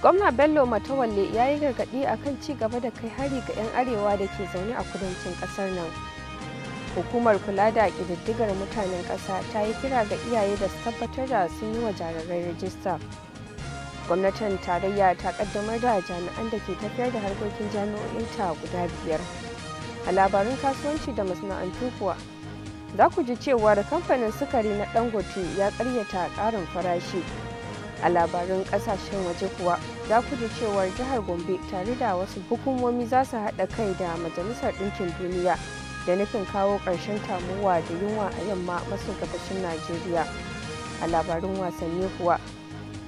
gwamna bello matawalle ya yi gargaɗi a kan gaba da kai hari ga 'yan arewa da ke zaune a kudancin ƙasar nan hukumar kula da ƙididdigar mutanen ƙasa ta yi kira ga iyaye da su tabbatar da sun yi wa jarirai rajista gwamnatin tarayya ta kaddamar da jami'an da ke tafiyar da harkokin jami'o'in ta guda biyar a labarin kasuwanci da masana'antu kuwa za ku ji cewar kamfanin sukari na dangote ya karyata karin farashi a labarin kasashen waje kuwa za ku ji cewar jihar gombe tare da wasu hukumomi za su haɗa kai da majalisar ɗinkin duniya da nufin kawo ƙarshen tamuwa da yunwa a yamma maso gabashin najeriya a labarin wasanni kuwa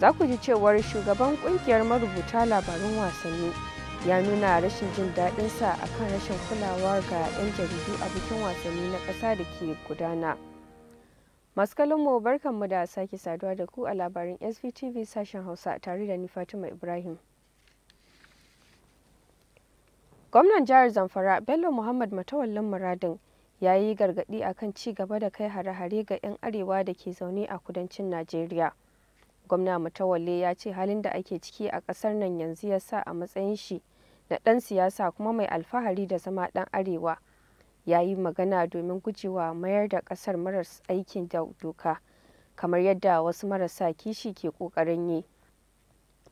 za ku ji cewar shugaban kungiyar marubuta labarin wasanni ya nuna rashin jin daɗinsa a kan rashin kulawa ga 'yan jaridu a bikin wasanni na ƙasa da ke gudana masu kallonmu barkanmu da sake saduwa da ku a labarin svtv sashen hausa tare da ni fatima ibrahim gwamnan jihar zamfara bello muhammad matawallin muradin ya yi gargaɗi akan ci gaba da kai hare-hare ga 'yan arewa da ke zaune a kudancin najeriya gwamna matawalle ya ce halin da ake ciki a kasar nan yanzu ya sa a matsayin shi na ɗan siyasa kuma mai alfahari da zama ɗan arewa ya yi magana domin gujewa mayar da ƙasar maras aikin da doka kamar yadda wasu marasa kishi ke ƙoƙarin yi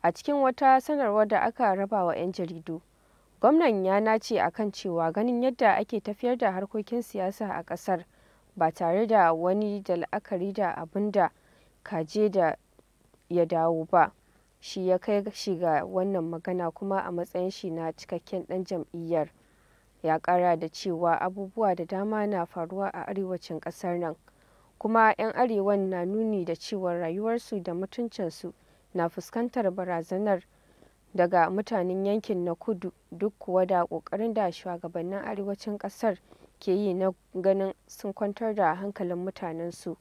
a cikin wata sanarwar da aka raba wa 'yan jaridu gwamnan ya nace kan cewa ganin yadda ake tafiyar da harkokin siyasa a kasar ba tare da wani da la'akari da abin da kaje da ya dawo ba shi ya kai shi ga wannan magana kuma a matsayin shi na cikakken ɗan jam'iyyar ya kara da cewa abubuwa da dama na faruwa a arewacin kasar nan kuma 'yan arewan na nuni da cewa rayuwarsu da mutuncinsu na fuskantar barazanar daga mutanen yankin na kudu duk kuwa da kokarin da shugabannin arewacin kasar ke yi na ganin sun kwantar da hankalin mutanensu.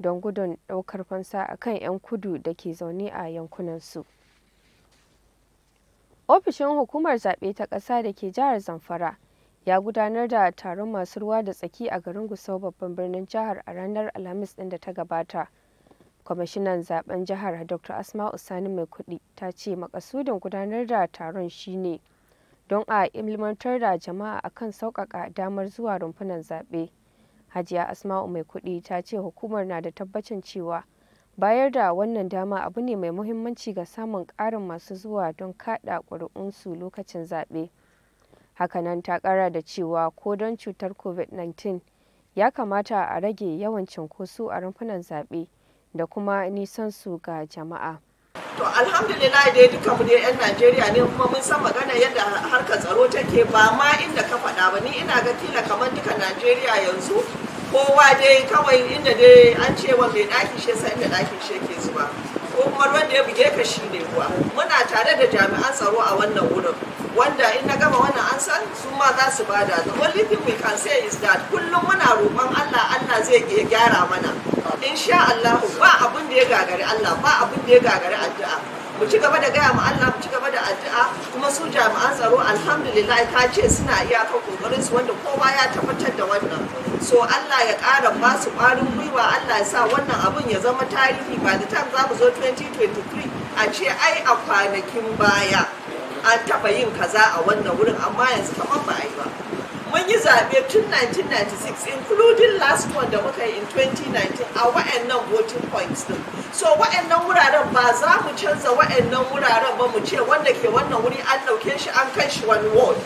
don gudun daukar fansa a kan 'yan kudu da ke zaune a yankunansu. Ofishin hukumar zaɓe ta ƙasa da ke jihar Zamfara ya gudanar da taron masu ruwa da tsaki a garin Gusau babban birnin jihar a ranar Alhamis ɗin da ta gabata. Kwamishinan zaben jihar Dr. Asma'u Sani mai kuɗi ta ce makasudin gudanar da taron shine don a ilmantar da jama'a akan sauƙaƙa damar zuwa rumfunan zaɓe. hajiya asma'u mai kuɗi ta ce hukumar na da tabbacin cewa bayar da wannan dama abu ne mai muhimmanci ga samun ƙarin masu zuwa don kaɗa ƙuri'unsu lokacin zaɓe hakanan ta ƙara da cewa ko don cutar covid-19 ya kamata a rage yawan cunkoso a rumfunan zaɓe da kuma nisan su ga jama'a To alhamdulillah dai duka mu dai 'yan Najeriya ne kuma mun san magana yadda harkar tsaro take ba ma inda ka faɗa ba ni ina ga kila kamar duka Najeriya yanzu kowa dai kawai inda dai an ce wa mai ɗakin shi sai inda ɗakin shi ke zuwa ko kuma wanda ya buge ka shi ne kuwa muna tare da jami'an tsaro a wannan wurin wanda in na gama wannan an san su ma za su bada the only thing we can say is that kullum muna roƙon Allah Allah zai gyara mana insha Allah ba abin da ya gagari Allah ba abin da ya gagari addu'a mu ci gaba da gaya ma Allah mu ci gaba da addu'a kuma su jami'an tsaro alhamdulillah ka ce suna iyakar kokarin su wanda kowa ya tabbatar da wannan so Allah ya ƙara ba su ƙwarin gwiwa Allah ya sa wannan abin ya zama tarihi ba da time za mu zo 2023 a ce ai a kwanakin baya an taɓa yin kaza a wannan wurin amma yanzu kamar ba a ba mun yi zaɓe tun 1996 including last one da muka yi in 2019 a wa'annan voting points din so wa'annan wuraren ba za mu canza wa'annan wuraren ba mu ce wanda ke wannan wuri an ɗauke shi an kai shi wani ward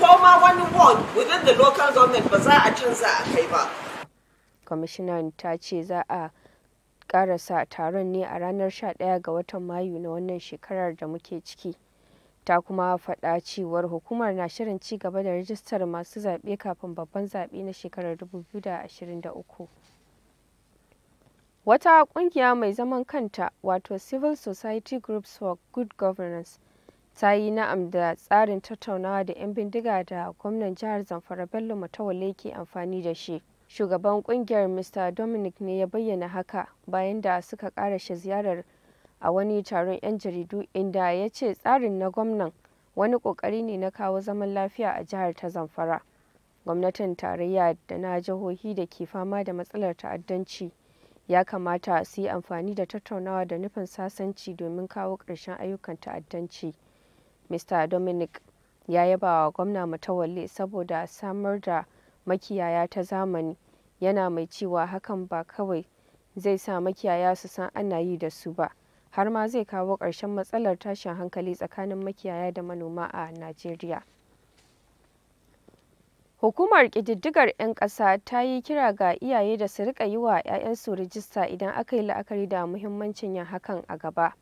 ko ma wani ward within the local government ba za a canza a kai ba kamishinan ta ce za a karasa taron ne a ranar 11 ga watan mayu na wannan shekarar da muke ciki ta kuma faɗa cewar hukumar na shirin ci gaba da rajistar masu zaɓe kafin babban zaɓe na shekarar 2023 wata ƙungiya mai zaman kanta wato civil society groups for good governance ta yi na'am da tsarin tattaunawa da 'yan bindiga da gwamnan jihar zamfara bello matawale ke amfani da shi shugaban kungiyar mr dominic ne ya bayyana haka bayan da suka karashe ziyarar a wani taron 'yan jaridu inda ya ce tsarin na gwamnan wani kokari ne na kawo zaman lafiya a jihar ta zamfara gwamnatin tarayya da na jihohi da ke fama da matsalar ta'addanci ya kamata su yi amfani da tattaunawa da nufin sasanci domin kawo ƙarshen ayyukan ta'addanci mr dominic ya yaba wa gwamna matawalle saboda samar da makiyaya ta zamani yana mai cewa hakan ba kawai zai sa makiyaya su san ana yi da su ba har ma zai kawo ƙarshen matsalar tashin hankali tsakanin makiyaya da manoma a Najeriya. Hukumar ƙididdigar 'yan ƙasa ta yi kira ga iyaye da su rika yi wa 'ya'yansu rijista idan aka yi la'akari da muhimmancin yin hakan a gaba.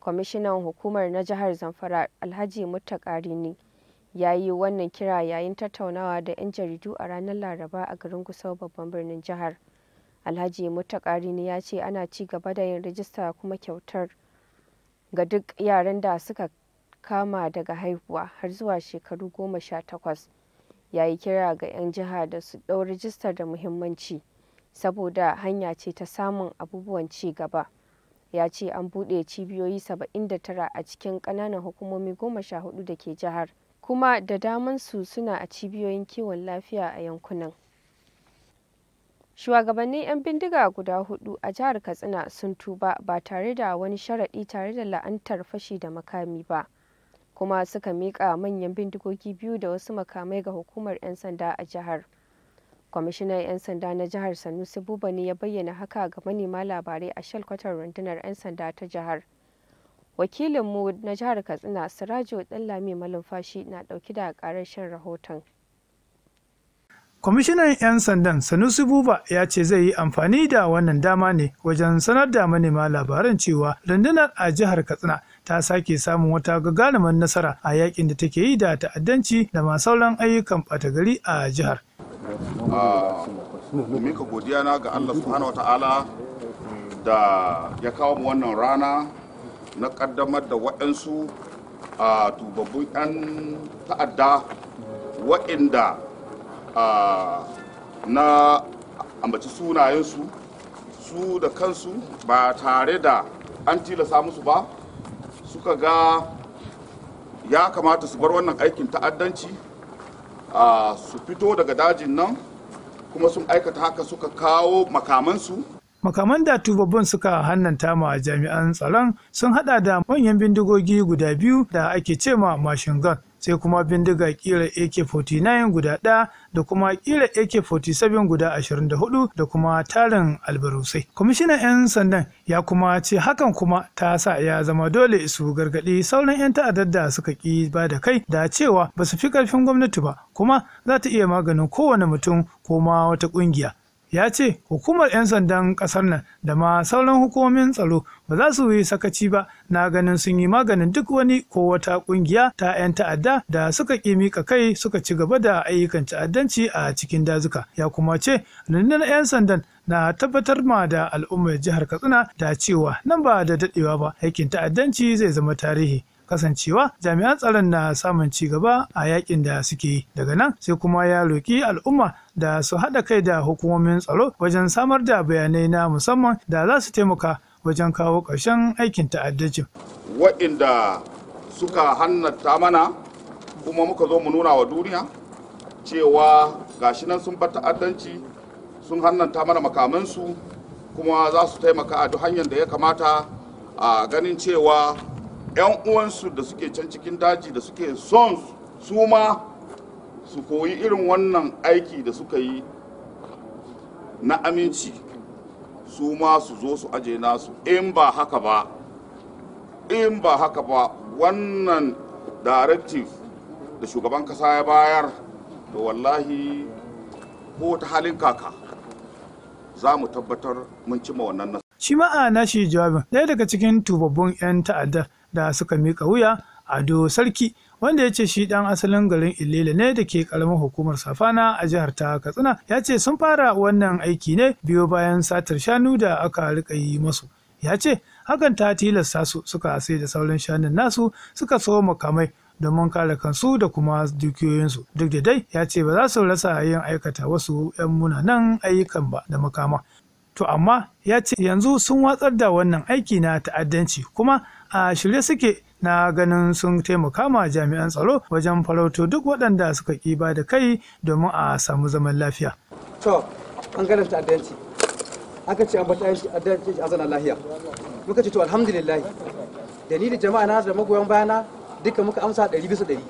Kwamishinan hukumar na jihar Zamfara Alhaji Muttaqarini ya yi wannan kira yayin tattaunawa da 'yan jaridu a ranar Laraba a garin Gusau babban birnin jihar. Alhaji Mutakari ne ya ce ana ci gaba da yin rijista kuma kyautar ga duk yaran da suka kama daga haihuwa har zuwa shekaru goma sha takwas. Ya yi kira ga 'yan jiha da su ɗau rijistar da muhimmanci saboda hanya ce ta samun abubuwan ci gaba. Ya ce an buɗe cibiyoyi saba'in da tara a cikin ƙananan hukumomi goma sha hudu da ke jihar, kuma da damansu suna a cibiyoyin kiwon lafiya a yankunan. shugabannin 'yan bindiga guda hudu a jihar katsina sun tuba ba tare da wani sharaɗi tare da la'antar fashi da makami ba kuma suka miƙa manyan bindigogi biyu da wasu makamai ga hukumar 'yan sanda a jihar kwamishinan 'yan sanda na jihar sanusi buba ne ya bayyana haka ga manema labarai a shalkwatar rundunar 'yan sanda ta jihar wakilinmu na jihar katsina sirajo ɗanlami malumfashi na ɗauki da ƙarashin rahoton Kwamishinan 'yan sandan Sanusi Buba ya ce zai yi amfani da wannan dama ne wajen sanar da manema labaran cewa rundunar a jihar Katsina ta sake samun wata gagarumar nasara a yakin da take yi da ta'addanci da ma sauran ayyukan ɓata gari a jihar. Mika na ga da ya kawo mu rana na ƙaddamar da waɗansu a tubabbun 'yan ta'adda waɗanda na ambaci sunayensu su da kansu ba tare da an tilasa musu ba suka ga ya kamata su bar wannan aikin ta'addanci su fito daga dajin nan kuma sun aikata haka suka kawo makamansu makaman da tubabban suka hannanta ma jami'an tsaron sun hada da manyan bindigogi guda biyu da ake cema mashin gun sai kuma bindiga kira ak-49 guda ɗaya da kuma kira AK-47 guda 24 da kuma tarin albarusai. Kwamishinan 'yan sandan ya kuma ce hakan kuma ta sa ya zama dole su gargaɗi sauran 'yan ta'addar da suka ƙi ba da kai da cewa ba su fi ƙarfin gwamnati ba kuma za ta iya maganin kowane mutum ko ma wata ƙungiya. ya ce hukumar 'yan sandan kasar nan da ma sauran hukumomin tsaro ba za su yi sakaci ba na ganin sun yi maganin duk wani ko wata kungiya ta 'yan ta'adda da suka ƙi mika kai suka ci gaba da ayyukan ta'addanci a cikin dazuka ya kuma ce rundunar 'yan sandan na tabbatar ma da al'ummar jihar katsina da cewa nan ba da daɗewa ba aikin ta'addanci zai zama tarihi kasancewa jami'an tsaron na samun ci gaba a yakin da suke yi daga nan sai kuma ya roƙi al'umma da su haɗa kai da hukumomin tsaro wajen samar da bayanai na musamman da za su taimaka wajen kawo ƙarshen aikin ta'addancin. Waɗanda suka hannata mana kuma muka zo mu nuna wa duniya cewa gashi nan sun bar ta'addanci sun hannata mana makamansu kuma za su taimaka a duk hanyar da ya kamata a ganin cewa 'yan uwansu da suke can cikin daji da suke son su ma su koyi irin wannan aiki da suka yi na aminci su ma su zo su aje nasu in ba haka ba in ba haka ba wannan directive da shugaban kasa ya bayar to wallahi ko ta halin kaka za mu tabbatar mun cima wannan nasu. Shi ma'a na shi jawabin ɗaya daga cikin tubabbun 'yan ta'adda da suka miƙa wuya ado sarki wanda ya ce shi dan asalin garin ilele ne da ke karamar hukumar Safana a jihar ta Katsina ya ce sun fara wannan aiki ne biyo bayan satar shanu da aka rika yi masu ya ce hakan ta tilasta su suka sai da sauran shanun nasu suka so makamai domin kare kansu da kuma dukiyoyinsu duk da dai ya ce ba za su rasa yin aikata wasu 'yan munanan ayyukan ba da makama to amma ya ce yanzu sun watsar da wannan aiki na ta'addanci kuma a shirye suke na ganin sun taimaka ma jami'an tsaro wajen farauto duk waɗanda suka ba da kai domin a samu zaman lafiya. To, an gane ta'addanci. Aka ce an bar ta'addanci a lahiya. Muka ce to alhamdulillah. Da ni da jama'a na da magoyan bayana duka muka amsa ɗari bisa ɗari.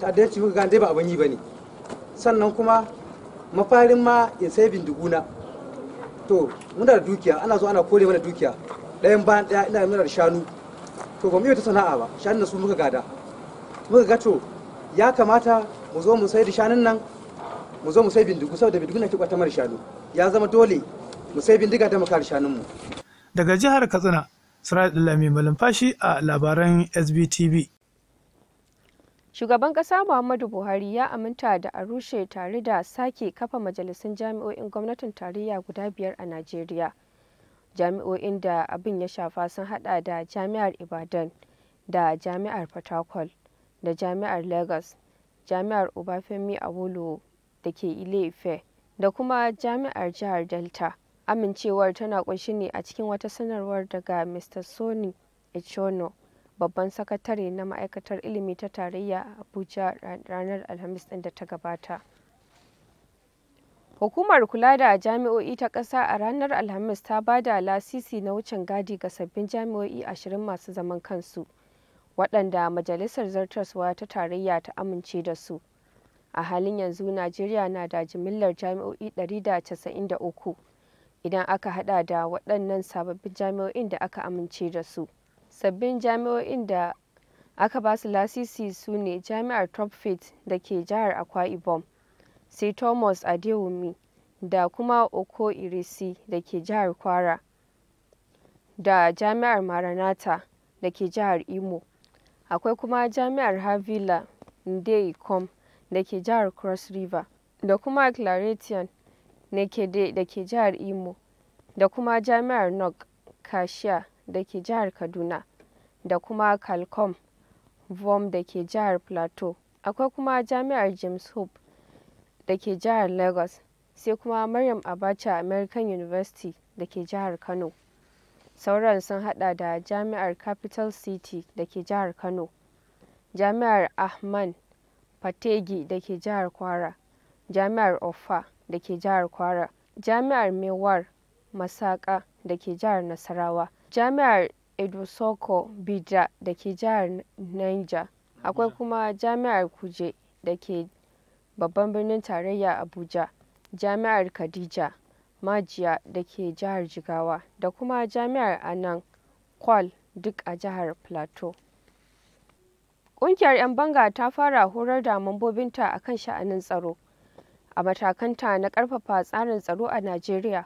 Ta'addanci muka gane dai ba abin yi ba ne. Sannan kuma mafarin ma in sai bindiguna. To, muna da dukiya ana zo ana kore mana dukiya. Ɗayan bayan ɗaya ina muna da shanu to ba mu yi ta sana'a ba shanun su muka gada muka ga ya kamata mu zo mu sai da shanun nan mu zo mu sai bindigu saboda bindigu na ke mara shanu ya zama dole mu sai bindiga da mu shanun mu daga jihar katsina Sirajul Lami Malumfashi a labaran SBTV. Shugaban kasa Muhammadu Buhari ya aminta da a rushe tare da sake kafa majalisun jami'o'in gwamnatin tarayya guda biyar a Najeriya. jami'o'in da abin ya shafa sun hada da jami'ar ibadan da jami'ar fatakwal da jami'ar lagos jami'ar obafemi awolo da ke ile-ife da kuma jami'ar jihar delta amincewar tana kunshi ne a cikin wata sanarwar daga mr sony echono babban sakatare na ma'aikatar ilimi ta tarayya a abuja ranar alhamis din da ta gabata Hukumar kula da jami'o'i ta ƙasa a ranar Alhamis ta ba da lasisi na wucin gadi ga sabbin jami'o'i ashirin masu zaman kansu, waɗanda Majalisar Zartaswa ta Tarayya ta amince da su. A halin yanzu Najeriya na da jimillar jami'o'i ɗari da da casa'in uku idan aka haɗa da waɗannan sababbin jami'o'in da aka amince da su. Sabbin jami'o'in da aka ba su lasisi su ne Jami'ar tropfit da ke jihar Akwa Ibom. sai Thomas adewumi da kuma Oko irisi da ke Jihar Kwara da Jami'ar maranata da ke Jihar Imo, akwai kuma Jami'ar Harvilla Nde'ikom da ke Jihar Cross River da kuma Claretian Nakede da ke Jihar Imo da kuma Jami'ar Nok Kashia da ke Jihar Kaduna da kuma Calcom Vom da ke Jihar Plateau, akwai kuma Jami'ar James Hope da ke jihar Lagos sai kuma Maryam Abacha American University da ke jihar Kano. Sauran sun hada da Jami'ar Capital City da ke jihar Kano, Jami'ar Ahman Fategi da ke jihar Kwara, Jami'ar Offa da ke jihar Kwara, Jami'ar Mewar Masaka da ke jihar Nasarawa, Jami'ar Edusoko Bida da ke jihar Niger, akwai kuma Jami'ar Kuje da ke babban birnin tarayya Abuja, Jami'ar Khadija Majiya da ke jihar Jigawa da kuma Jami'ar Anan Kwal duk a jihar Plateau. Ƙungiyar 'yan banga ta fara horar da mambobinta a kan sha'anin tsaro. A matakanta na ƙarfafa tsarin tsaro a Najeriya,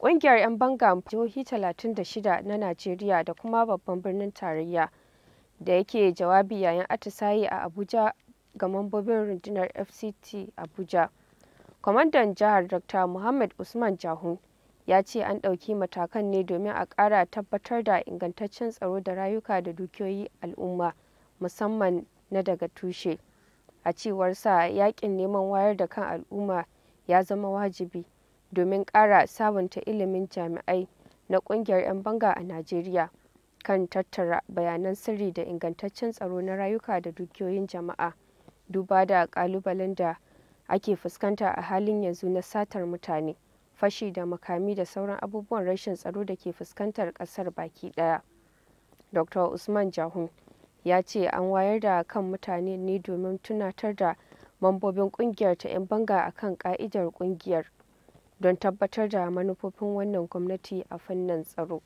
ƙungiyar 'yan banga jihohi 36 na Najeriya da kuma babban birnin tarayya da yake jawabi yayin atisaye a Abuja ga mambobin rundunar fct abuja kwamandan jihar dr muhammad usman jahun ya ce an ɗauki matakan ne domin a ƙara tabbatar da ingantaccen tsaro da rayuka da dukiyoyi al'umma musamman na daga tushe a cewar sa yakin neman wayar da kan al'umma ya zama wajibi domin ƙara sabunta ilimin jami'ai na ƙungiyar 'yan banga a najeriya kan tattara bayanan sirri da ingantaccen tsaro na rayuka da dukiyoyin jama'a duba da kalubalen da ake fuskanta a halin yanzu na satar mutane fashi da makami da sauran abubuwan rashin tsaro da ke fuskantar kasar baki daya dr usman jahun ya ce an wayar da kan mutane ne domin tunatar da mambobin kungiyar ta 'yan banga a kan ka'idar kungiyar don tabbatar da manufofin wannan gwamnati a fannin tsaro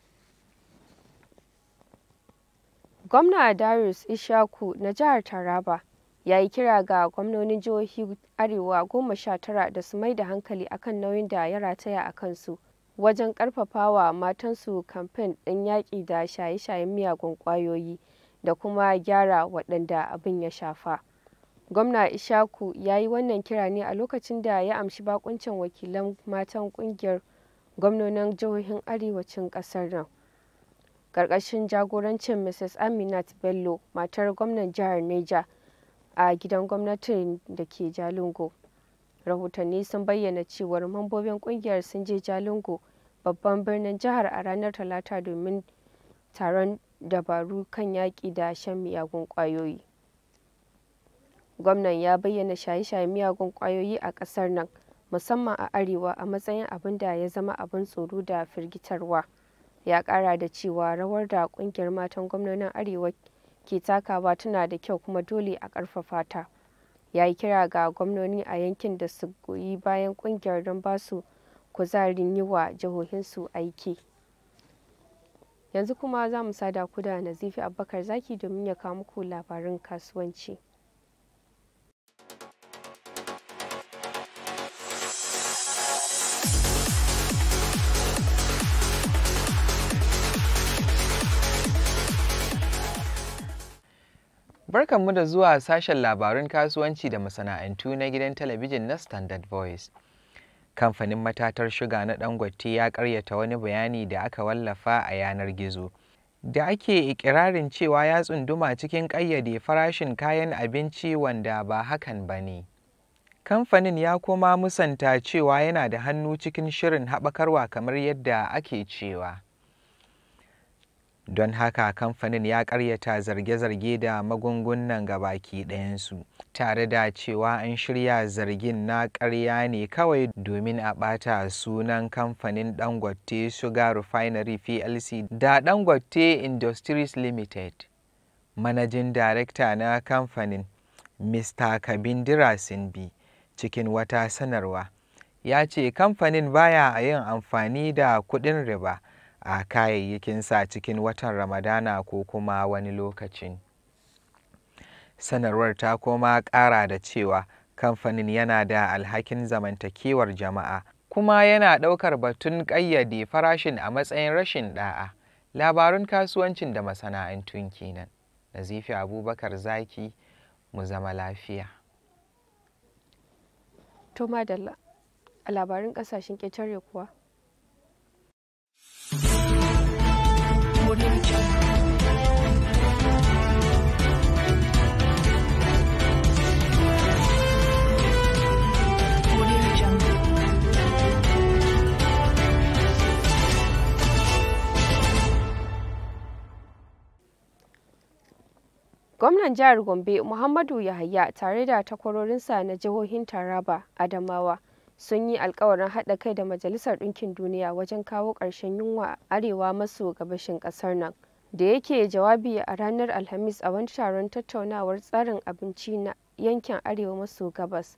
gwamna darius ishaku na jihar taraba ya yi kira ga gwamnonin jihohi arewa goma sha tara da su mai da hankali akan nauyin da ya rataya a kansu wajen karfafawa matansu kamfen ɗin yaƙi da shaye-shayen miyagun ƙwayoyi da kuma gyara waɗanda abin ya shafa gwamna ishaku ya yi wannan kira ne a lokacin da ya amshi bakuncin wakilan matan ƙungiyar gwamnonin jihohin arewacin ƙasar nan ƙarƙashin jagorancin mrs aminat bello matar gwamnan jihar neja a gidan gwamnatin da ke jalingo rahotanni sun bayyana cewar mambobin kungiyar sun je jalingo babban birnin jihar a ranar talata domin taron dabaru kan yaƙi da shan miyagun ƙwayoyi gwamnan ya bayyana shaye shaye miyagun kwayoyi a ƙasar nan musamman a arewa a matsayin abin da ya zama abin tsoro da firgitarwa ya ƙara da cewa rawar da ƙungiyar matan gwamnonin arewa ke takawa tuna da kyau kuma dole a ƙarfafa ta ya yi kira ga gwamnoni a yankin da su goyi bayan ƙungiyar don ba su kuzarin yi wa jihohinsu aiki yanzu kuma za mu sada ku da nazifi abubakar zaki domin ya kawo muku labarin kasuwanci Barkanmu da zuwa sashen labarun kasuwanci da masana'antu na gidan talabijin na Standard Voice. Kamfanin matatar shuga na Dangote ya karyata wani bayani da aka wallafa a yanar gizo. Da ake ikirarin cewa ya tsunduma cikin ƙayyade farashin kayan abinci wanda ba hakan ba ne. Kamfanin ya kuma musanta cewa yana da hannu cikin shirin haɓakarwa kamar yadda ake cewa. don haka kamfanin ya karyata zarge-zarge da magungunan gabaki ɗayansu tare da cewa an shirya zargin na karya ne kawai domin a ɓata sunan kamfanin dangote sugar refinery plc da dangote industries limited manajin darekta na kamfanin mr kabindira sinbi cikin wata sanarwa ya ce kamfanin baya yin amfani da kuɗin riba a kayayyakinsa cikin watan ramadana ko kuma wani lokacin sanarwar ta koma ƙara da cewa kamfanin yana da alhakin zamantakewar jama'a kuma yana ɗaukar batun ƙayyade farashin a matsayin rashin ɗa'a labarun kasuwancin da masana'antun kenan nazifi abubakar zaki mu zama lafiya to madalla a labarin ƙasashen kuwa Gwamnan jihar Gombe Muhammadu Yahaya tare da takwarorinsa na jihohin Taraba, Adamawa sun yi alkawarin haɗa kai da Majalisar Ɗinkin Duniya wajen kawo ƙarshen yunwa arewa maso gabashin ƙasar nan. Da yake jawabi a ranar Alhamis a wani taron tattaunawar tsarin abinci na yankin arewa maso gabas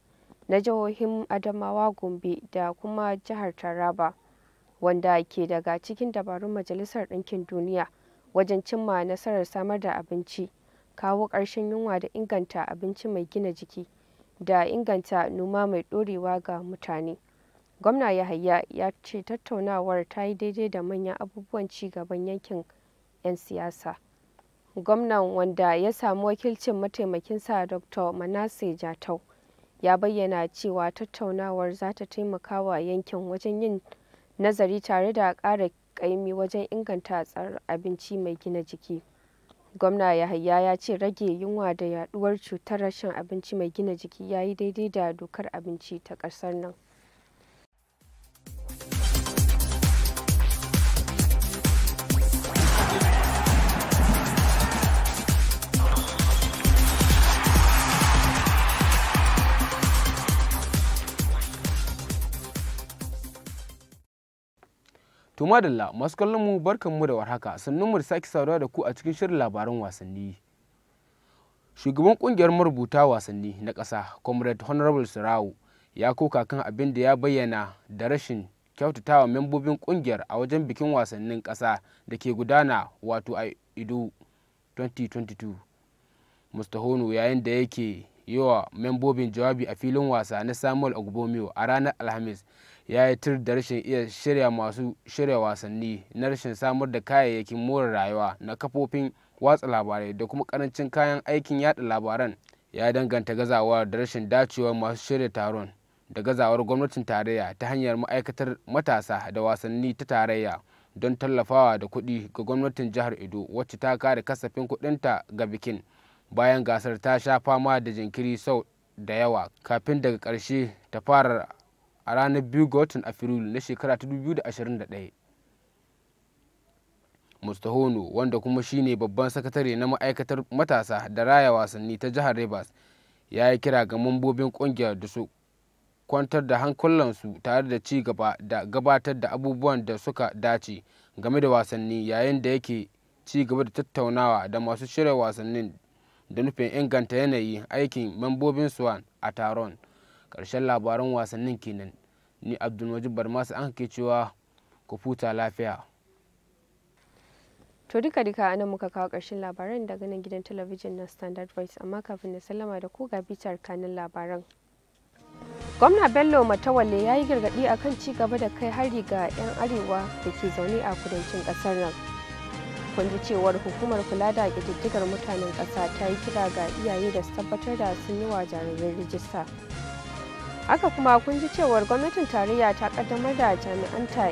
na jihohin Adamawa Gombe da kuma jihar Taraba, wanda ke daga cikin dabarun Majalisar Ɗinkin Duniya wajen cimma nasarar samar da abinci. kawo ƙarshen yunwa da inganta abinci mai gina jiki da inganta noma mai ɗorewa ga mutane. Gwamna Yahaya ya ce tattaunawar ta yi daidai da manyan abubuwan ci gaban yankin 'yan siyasa. Gwamnan wanda ya samu wakilcin mataimakinsa Dr. Manasseh Jatau ya bayyana cewa tattaunawar za ta taimaka wa yankin wajen yin nazari tare da ƙara ƙaimi wajen inganta tsarin abinci mai gina jiki. Gwamna Yahaya ya ce rage yunwa da yaduwar cutar rashin abinci mai gina jiki ya yi daidai da dokar abinci ta ƙasar nan. To madalla masu kallon mu barkan mu da warhaka sannan mu da sake saurawa da ku a cikin shirin labaran wasanni. Shugaban kungiyar marubuta wasanni na ƙasa Comrade Honorable Sirawu ya koka kan abin da ya bayyana da rashin kyautatawa membobin kungiyar a wajen bikin wasannin ƙasa da ke gudana wato a Ido 2022. hono yayin da yake yi wa membobin jawabi a filin wasa na Samuel Ogbomio a ranar Alhamis ya yi tir da rashin iya shirya masu shirya wasanni na rashin samar da kayayyakin more rayuwa na kafofin watsa labarai da kuma karancin kayan aikin yada labaran ya danganta gazawar da rashin dacewar masu shirya taron da gazawar gwamnatin tarayya ta hanyar ma'aikatar matasa da wasanni ta tarayya don tallafawa da kuɗi ga gwamnatin jihar edo wacce ta kare kasafin kuɗinta ga bikin bayan gasar ta sha fama da jinkiri sau da yawa kafin daga ƙarshe ta fara a ranar biyu ga watan afrilu na shekara ta 2021 mustahono wanda kuma shine babban sakatare na ma'aikatar matasa da raya wasanni ta jihar rivers ya yi kira ga mambobin kungiyar da su kwantar da hankulansu tare da ci gaba da gabatar da abubuwan da suka dace game da wasanni yayin da yake ci gaba da tattaunawa da masu shirya wasannin da nufin inganta yanayi aikin mambobin swan a taron karshen labaran wasannin kenan ni abdulmajid barmasu an ke cewa ku futa lafiya to duka duka anan muka kawo ƙarshen labaran daga nan gidan talabijin na standard voice amma kafin na sallama da ku ga bitar kanin labaran gwamna bello matawalle ya yi gargaɗi a kan gaba da kai hari ga 'yan arewa da ke zaune a kudancin ƙasar nan kun ji cewar hukumar kula da ƙididdigar mutanen ƙasa ta yi kira ga iyaye da su tabbatar da sun yi wa jarirai rijista haka kuma kun ji cewar gwamnatin tarayya ta kaddamar da jami'an ta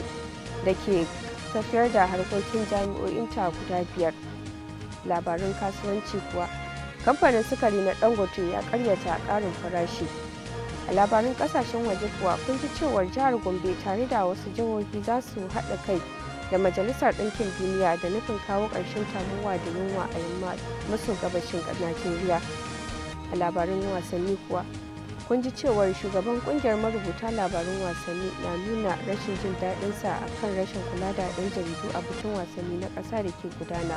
da ke tafiyar da harkokin jami'o'in ta guda biyar labarin kasuwanci kuwa kamfanin sukari na dangote ya karyata karin farashi a labarin kasashen waje kuwa kun ji cewar jihar gombe tare da wasu jihohi za su haɗa kai da majalisar ɗinkin duniya da nufin kawo ƙarshen tamuwa da yunwa a yamma maso gabashin najeriya a labarin wasanni kuwa kun ji cewar shugaban kungiyar marubuta labarun wasanni na nuna rashin jin daɗinsa a kan rashin kula da ɗan jaridu a bikin wasanni na ƙasa da ke gudana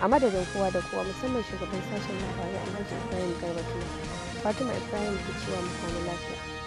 a madadin kowa da kowa musamman shugaban sashen labarai alhaji ibrahim garbatuna fatima ibrahim ke cewa mutane lafiya